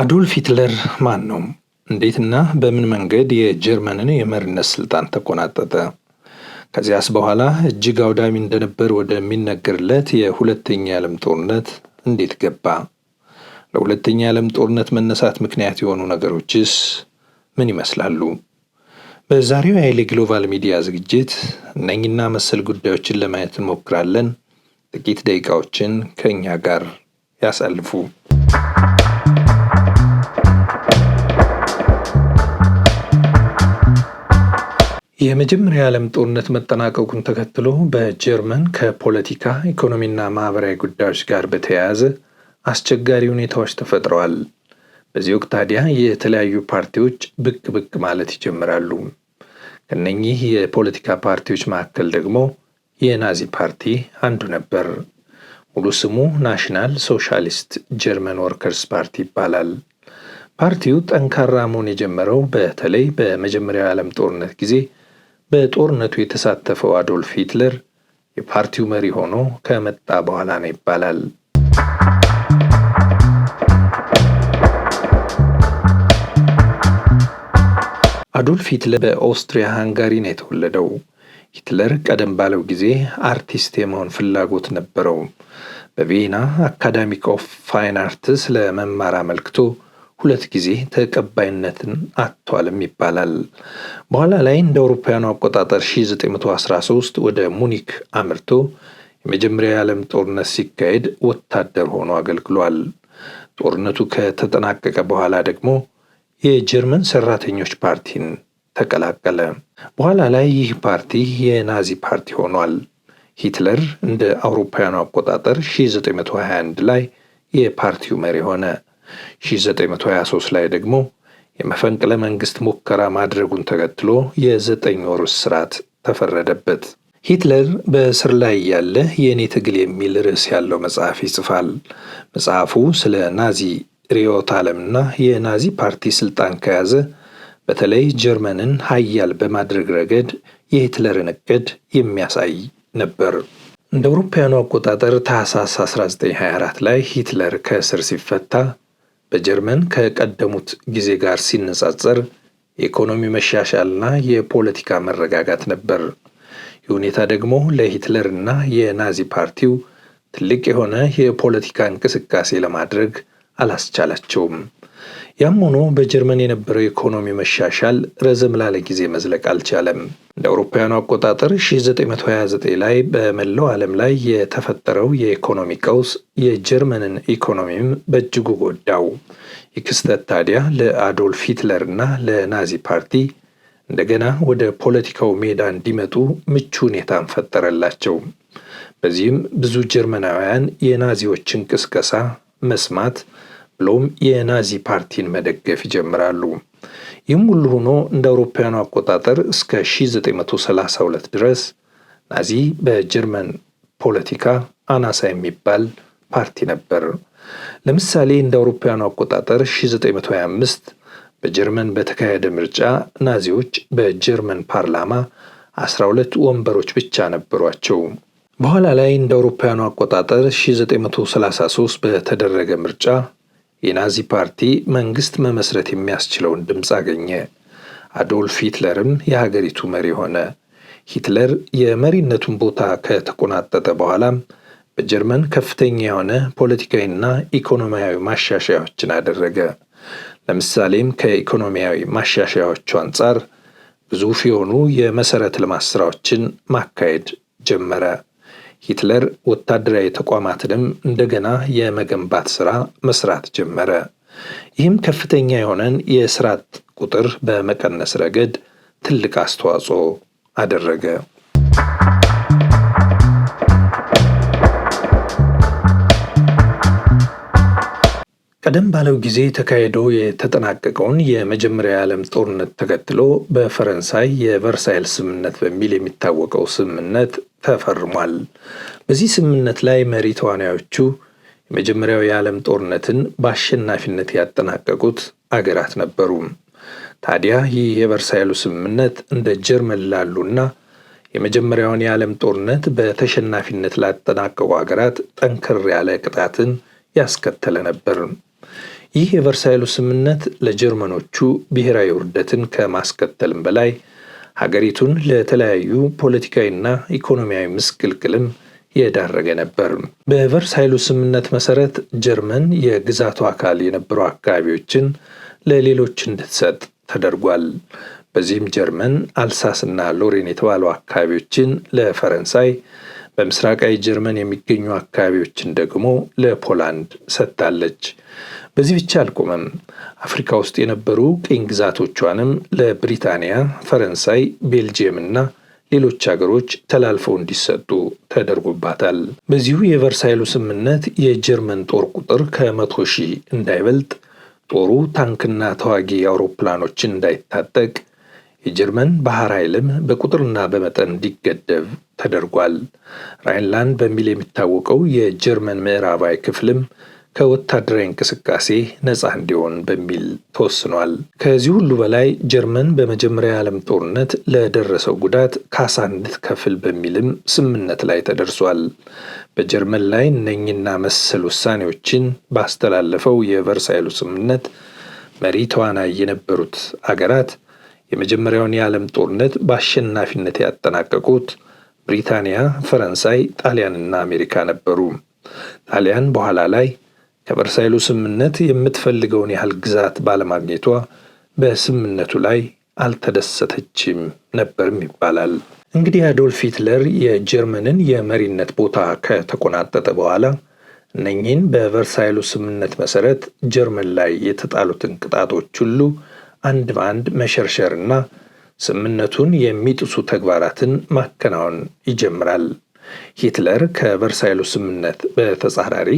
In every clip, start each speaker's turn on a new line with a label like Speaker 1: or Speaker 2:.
Speaker 1: አዶልፍ ሂትለር ማን ነው? እንዴትና በምን መንገድ የጀርመንን የመሪነት ስልጣን ተቆናጠጠ? ከዚያስ በኋላ እጅግ አውዳሚ እንደነበር ወደሚነገርለት የሁለተኛ የዓለም ጦርነት እንዴት ገባ? ለሁለተኛ የዓለም ጦርነት መነሳት ምክንያት የሆኑ ነገሮችስ ምን ይመስላሉ? በዛሬው የኃይሌ ግሎባል ሚዲያ ዝግጅት እነኝና መሰል ጉዳዮችን ለማየት እንሞክራለን። ጥቂት ደቂቃዎችን ከእኛ ጋር ያሳልፉ። የመጀመሪያ የዓለም ጦርነት መጠናቀቁን ተከትሎ በጀርመን ከፖለቲካ ኢኮኖሚና ማኅበራዊ ጉዳዮች ጋር በተያያዘ አስቸጋሪ ሁኔታዎች ተፈጥረዋል። በዚህ ወቅት ታዲያ የተለያዩ ፓርቲዎች ብቅ ብቅ ማለት ይጀምራሉ። ከነኚህ የፖለቲካ ፓርቲዎች መካከል ደግሞ የናዚ ፓርቲ አንዱ ነበር። ሙሉ ስሙ ናሽናል ሶሻሊስት ጀርመን ወርከርስ ፓርቲ ይባላል። ፓርቲው ጠንካራ መሆን የጀመረው በተለይ በመጀመሪያው የዓለም ጦርነት ጊዜ በጦርነቱ የተሳተፈው አዶልፍ ሂትለር የፓርቲው መሪ ሆኖ ከመጣ በኋላ ነው ይባላል። አዶልፍ ሂትለር በኦስትሪያ ሃንጋሪ ነው የተወለደው። ሂትለር ቀደም ባለው ጊዜ አርቲስት የመሆን ፍላጎት ነበረው። በቪየና አካዳሚክ ኦፍ ፋይን አርትስ ለመማር አመልክቶ ሁለት ጊዜ ተቀባይነትን አጥቷልም ይባላል። በኋላ ላይ እንደ አውሮፓውያኑ አቆጣጠር 1913 ወደ ሙኒክ አምርቶ የመጀመሪያ የዓለም ጦርነት ሲካሄድ ወታደር ሆኖ አገልግሏል። ጦርነቱ ከተጠናቀቀ በኋላ ደግሞ የጀርመን ሰራተኞች ፓርቲን ተቀላቀለ። በኋላ ላይ ይህ ፓርቲ የናዚ ፓርቲ ሆኗል። ሂትለር እንደ አውሮፓውያኑ አቆጣጠር 1921 ላይ የፓርቲው መሪ ሆነ። 1923 ላይ ደግሞ የመፈንቅለ መንግስት ሙከራ ማድረጉን ተከትሎ የዘጠኝ ወር እስራት ተፈረደበት። ሂትለር በእስር ላይ ያለ የእኔ ትግል የሚል ርዕስ ያለው መጽሐፍ ይጽፋል። መጽሐፉ ስለ ናዚ ርዕዮተ ዓለምና የናዚ ፓርቲ ስልጣን ከያዘ በተለይ ጀርመንን ሀያል በማድረግ ረገድ የሂትለርን እቅድ የሚያሳይ ነበር። እንደ አውሮፓውያኑ አቆጣጠር ታህሳስ 1924 ላይ ሂትለር ከእስር ሲፈታ በጀርመን ከቀደሙት ጊዜ ጋር ሲነጻጸር የኢኮኖሚ መሻሻልና የፖለቲካ መረጋጋት ነበር። ይህ ሁኔታ ደግሞ ለሂትለር ና የናዚ ፓርቲው ትልቅ የሆነ የፖለቲካ እንቅስቃሴ ለማድረግ አላስቻላቸውም። ያም ሆኖ በጀርመን የነበረው የኢኮኖሚ መሻሻል ረዘም ላለ ጊዜ መዝለቅ አልቻለም። እንደ አውሮፓውያኑ አቆጣጠር 1929 ላይ በመላው ዓለም ላይ የተፈጠረው የኢኮኖሚ ቀውስ የጀርመንን ኢኮኖሚም በእጅጉ ጎዳው። ይህ ክስተት ታዲያ ለአዶልፍ ሂትለር እና ለናዚ ፓርቲ እንደገና ወደ ፖለቲካው ሜዳ እንዲመጡ ምቹ ሁኔታን ፈጠረላቸው። በዚህም ብዙ ጀርመናውያን የናዚዎችን ቅስቀሳ መስማት ብለውም የናዚ ፓርቲን መደገፍ ይጀምራሉ። ይህም ሁሉ ሆኖ እንደ አውሮፓውያኑ አቆጣጠር እስከ 1932 ድረስ ናዚ በጀርመን ፖለቲካ አናሳ የሚባል ፓርቲ ነበር። ለምሳሌ እንደ አውሮፓውያኑ አቆጣጠር 1925 በጀርመን በተካሄደ ምርጫ ናዚዎች በጀርመን ፓርላማ 12 ወንበሮች ብቻ ነበሯቸው። በኋላ ላይ እንደ አውሮፓውያኑ አቆጣጠር 1933 በተደረገ ምርጫ የናዚ ፓርቲ መንግስት መመስረት የሚያስችለውን ድምፅ አገኘ። አዶልፍ ሂትለርም የሀገሪቱ መሪ ሆነ። ሂትለር የመሪነቱን ቦታ ከተቆናጠጠ በኋላም በጀርመን ከፍተኛ የሆነ ፖለቲካዊና ኢኮኖሚያዊ ማሻሻያዎችን አደረገ። ለምሳሌም ከኢኮኖሚያዊ ማሻሻያዎቹ አንጻር ግዙፍ የሆኑ የመሰረት ልማት ስራዎችን ማካሄድ ጀመረ። ሂትለር ወታደራዊ ተቋማትንም እንደገና የመገንባት ስራ መስራት ጀመረ። ይህም ከፍተኛ የሆነን የስራት ቁጥር በመቀነስ ረገድ ትልቅ አስተዋጽኦ አደረገ። ቀደም ባለው ጊዜ ተካሂዶ የተጠናቀቀውን የመጀመሪያ የዓለም ጦርነት ተከትሎ በፈረንሳይ የቨርሳይል ስምምነት በሚል የሚታወቀው ስምምነት ተፈርሟል። በዚህ ስምምነት ላይ መሪ ተዋናዮቹ የመጀመሪያው የዓለም ጦርነትን በአሸናፊነት ያጠናቀቁት አገራት ነበሩ። ታዲያ ይህ የቨርሳይሉ ስምምነት እንደ ጀርመን ላሉና የመጀመሪያውን የዓለም ጦርነት በተሸናፊነት ላጠናቀቁ አገራት ጠንከር ያለ ቅጣትን ያስከተለ ነበር። ይህ የቨርሳይሉ ስምምነት ለጀርመኖቹ ብሔራዊ ውርደትን ከማስከተልም በላይ ሀገሪቱን ለተለያዩ ፖለቲካዊና ኢኮኖሚያዊ ምስቅልቅልም የዳረገ ነበር። በቨርሳይሉ ስምምነት መሰረት ጀርመን የግዛቱ አካል የነበሩ አካባቢዎችን ለሌሎች እንድትሰጥ ተደርጓል። በዚህም ጀርመን አልሳስና ሎሬን የተባሉ አካባቢዎችን ለፈረንሳይ በምስራቃዊ ጀርመን የሚገኙ አካባቢዎችን ደግሞ ለፖላንድ ሰጥታለች። በዚህ ብቻ አልቆመም። አፍሪካ ውስጥ የነበሩ ቅኝ ግዛቶቿንም ለብሪታንያ፣ ፈረንሳይ፣ ቤልጅየም እና ሌሎች ሀገሮች ተላልፈው እንዲሰጡ ተደርጎባታል። በዚሁ የቨርሳይሉ ስምምነት የጀርመን ጦር ቁጥር ከመቶ ሺህ እንዳይበልጥ፣ ጦሩ ታንክና ተዋጊ አውሮፕላኖችን እንዳይታጠቅ የጀርመን ባህር ኃይልም በቁጥርና በመጠን እንዲገደብ ተደርጓል። ራይንላንድ በሚል የሚታወቀው የጀርመን ምዕራባዊ ክፍልም ከወታደራዊ እንቅስቃሴ ነፃ እንዲሆን በሚል ተወስኗል። ከዚህ ሁሉ በላይ ጀርመን በመጀመሪያ የዓለም ጦርነት ለደረሰው ጉዳት ካሳ እንድትከፍል በሚልም ስምምነት ላይ ተደርሷል። በጀርመን ላይ እነኝና መሰል ውሳኔዎችን ባስተላለፈው የቨርሳይሉ ስምምነት መሪ ተዋናይ የነበሩት አገራት የመጀመሪያውን የዓለም ጦርነት በአሸናፊነት ያጠናቀቁት ብሪታንያ፣ ፈረንሳይ፣ ጣሊያንና አሜሪካ ነበሩ። ጣሊያን በኋላ ላይ ከቨርሳይሉ ስምምነት የምትፈልገውን ያህል ግዛት ባለማግኘቷ በስምምነቱ ላይ አልተደሰተችም ነበርም ይባላል። እንግዲህ አዶልፍ ሂትለር የጀርመንን የመሪነት ቦታ ከተቆናጠጠ በኋላ እነኚህን በቨርሳይሉ ስምምነት መሰረት ጀርመን ላይ የተጣሉትን ቅጣቶች ሁሉ አንድ በአንድ መሸርሸርና ስምምነቱን የሚጥሱ ተግባራትን ማከናወን ይጀምራል። ሂትለር ከቨርሳይሉ ስምምነት በተጻራሪ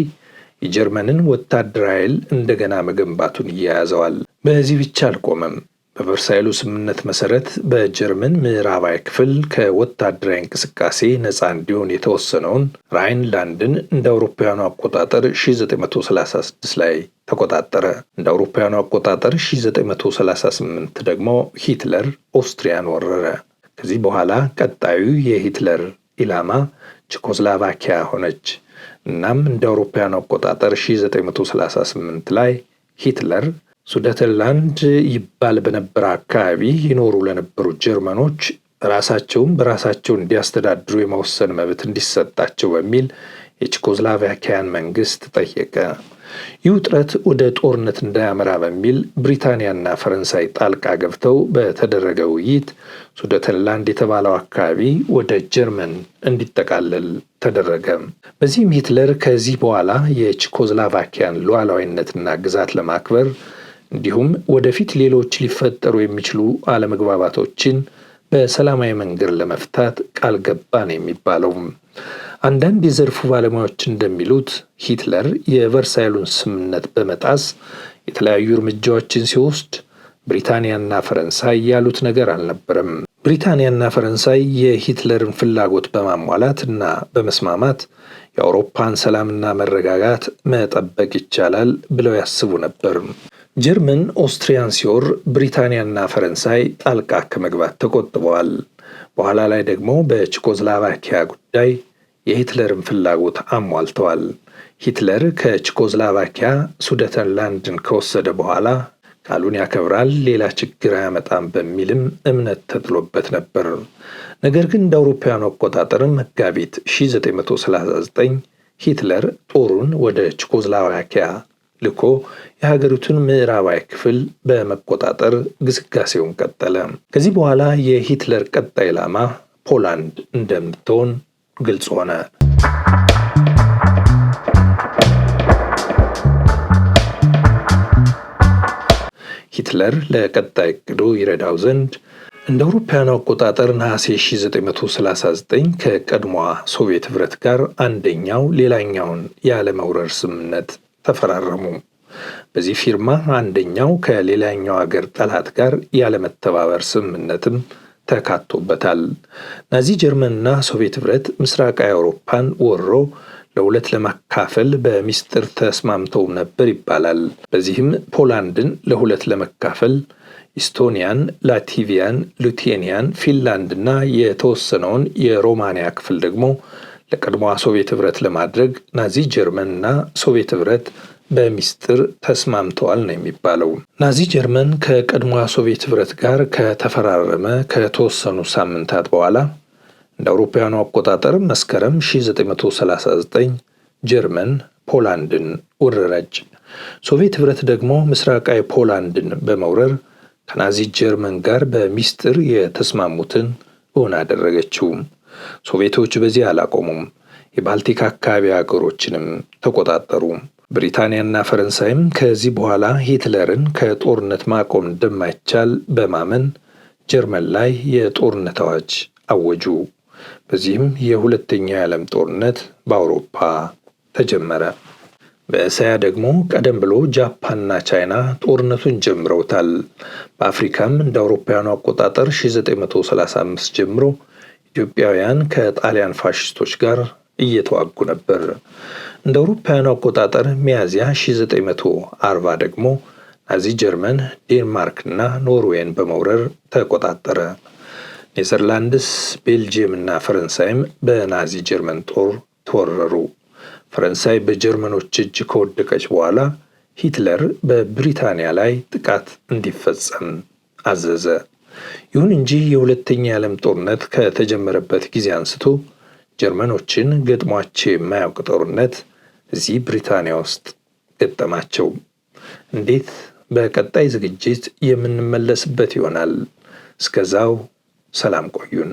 Speaker 1: የጀርመንን ወታደራዊ ኃይል እንደገና መገንባቱን እያያዘዋል። በዚህ ብቻ አልቆመም። በቨርሳይሉ ስምምነት መሰረት በጀርመን ምዕራባዊ ክፍል ከወታደራዊ እንቅስቃሴ ነፃ እንዲሆን የተወሰነውን ራይንላንድን እንደ አውሮፓውያኑ አቆጣጠር 1936 ላይ ተቆጣጠረ። እንደ አውሮፓውያኑ አቆጣጠር 1938 ደግሞ ሂትለር ኦስትሪያን ወረረ። ከዚህ በኋላ ቀጣዩ የሂትለር ኢላማ ቼኮስላቫኪያ ሆነች። እናም እንደ አውሮፓውያኑ አቆጣጠር 1938 ላይ ሂትለር ሱደተንላንድ ይባል በነበረ አካባቢ ይኖሩ ለነበሩ ጀርመኖች ራሳቸውም በራሳቸው እንዲያስተዳድሩ የመወሰን መብት እንዲሰጣቸው በሚል የቼኮስሎቫኪያን መንግስት ጠየቀ። ይህ ውጥረት ወደ ጦርነት እንዳያመራ በሚል ብሪታንያና ፈረንሳይ ጣልቃ ገብተው በተደረገ ውይይት ሱደተንላንድ የተባለው አካባቢ ወደ ጀርመን እንዲጠቃለል ተደረገ። በዚህም ሂትለር ከዚህ በኋላ የቼኮስሎቫኪያን ሉዓላዊነትና ግዛት ለማክበር እንዲሁም ወደፊት ሌሎች ሊፈጠሩ የሚችሉ አለመግባባቶችን በሰላማዊ መንገድ ለመፍታት ቃል ገባን የሚባለው። አንዳንድ የዘርፉ ባለሙያዎች እንደሚሉት ሂትለር የቨርሳይሉን ስምነት በመጣስ የተለያዩ እርምጃዎችን ሲወስድ ብሪታንያና ፈረንሳይ ያሉት ነገር አልነበረም። ብሪታንያና ፈረንሳይ የሂትለርን ፍላጎት በማሟላት እና በመስማማት የአውሮፓን ሰላምና መረጋጋት መጠበቅ ይቻላል ብለው ያስቡ ነበር። ጀርመን ኦስትሪያን ሲወር ብሪታንያና ፈረንሳይ ጣልቃ ከመግባት ተቆጥበዋል። በኋላ ላይ ደግሞ በቼኮዝላቫኪያ ጉዳይ የሂትለርን ፍላጎት አሟልተዋል። ሂትለር ከቼኮዝላቫኪያ ሱደተንላንድን ከወሰደ በኋላ ቃሉን ያከብራል፣ ሌላ ችግር አያመጣም በሚልም እምነት ተጥሎበት ነበር። ነገር ግን እንደ አውሮፓውያኑ አቆጣጠር መጋቢት 1939 ሂትለር ጦሩን ወደ ቼኮዝላቫኪያ ልኮ የሀገሪቱን ምዕራባዊ ክፍል በመቆጣጠር ግስጋሴውን ቀጠለ። ከዚህ በኋላ የሂትለር ቀጣይ ላማ ፖላንድ እንደምትሆን ግልጽ ሆነ። ሂትለር ለቀጣይ እቅዱ ይረዳው ዘንድ እንደ አውሮፓውያኑ አቆጣጠር ነሐሴ 1939 ከቀድሞዋ ሶቪየት ህብረት ጋር አንደኛው ሌላኛውን ያለመውረር ስምምነት ተፈራረሙ። በዚህ ፊርማ አንደኛው ከሌላኛው አገር ጠላት ጋር ያለመተባበር ስምምነትም ተካቶበታል። ናዚ ጀርመንና ሶቪየት ኅብረት ምስራቅ አውሮፓን ወሮ ለሁለት ለመካፈል በሚስጥር ተስማምተው ነበር ይባላል። በዚህም ፖላንድን ለሁለት ለመካፈል ኢስቶኒያን፣ ላቲቪያን፣ ሉቴኒያን፣ ፊንላንድና የተወሰነውን የሮማንያ ክፍል ደግሞ ለቀድሞዋ ሶቪየት ህብረት ለማድረግ ናዚ ጀርመን ና ሶቪየት ህብረት በሚስጥር ተስማምተዋል ነው የሚባለው። ናዚ ጀርመን ከቀድሞዋ ሶቪየት ህብረት ጋር ከተፈራረመ ከተወሰኑ ሳምንታት በኋላ እንደ አውሮፓውያኑ አቆጣጠር መስከረም 1939 ጀርመን ፖላንድን ወረረች። ሶቪየት ህብረት ደግሞ ምስራቃዊ ፖላንድን በመውረር ከናዚ ጀርመን ጋር በሚስጥር የተስማሙትን እውን አደረገችው። ሶቪየቶች በዚህ አላቆሙም። የባልቲክ አካባቢ ሀገሮችንም ተቆጣጠሩ። ብሪታንያና ፈረንሳይም ከዚህ በኋላ ሂትለርን ከጦርነት ማቆም እንደማይቻል በማመን ጀርመን ላይ የጦርነት አዋጅ አወጁ። በዚህም የሁለተኛው የዓለም ጦርነት በአውሮፓ ተጀመረ። በእስያ ደግሞ ቀደም ብሎ ጃፓንና ቻይና ጦርነቱን ጀምረውታል። በአፍሪካም እንደ አውሮፓውያኑ አቆጣጠር 1935 ጀምሮ ኢትዮጵያውያን ከጣሊያን ፋሽስቶች ጋር እየተዋጉ ነበር። እንደ አውሮፓውያኑ አቆጣጠር ሚያዝያ 1940 ደግሞ ናዚ ጀርመን ዴንማርክ እና ኖርዌይን በመውረር ተቆጣጠረ። ኔዘርላንድስ፣ ቤልጅየም እና ፈረንሳይም በናዚ ጀርመን ጦር ተወረሩ። ፈረንሳይ በጀርመኖች እጅ ከወደቀች በኋላ ሂትለር በብሪታንያ ላይ ጥቃት እንዲፈጸም አዘዘ። ይሁን እንጂ የሁለተኛ የዓለም ጦርነት ከተጀመረበት ጊዜ አንስቶ ጀርመኖችን ገጥሟቸው የማያውቅ ጦርነት እዚህ ብሪታንያ ውስጥ ገጠማቸው። እንዴት? በቀጣይ ዝግጅት የምንመለስበት ይሆናል። እስከዛው ሰላም ቆዩን።